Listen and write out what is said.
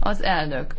Az elnök.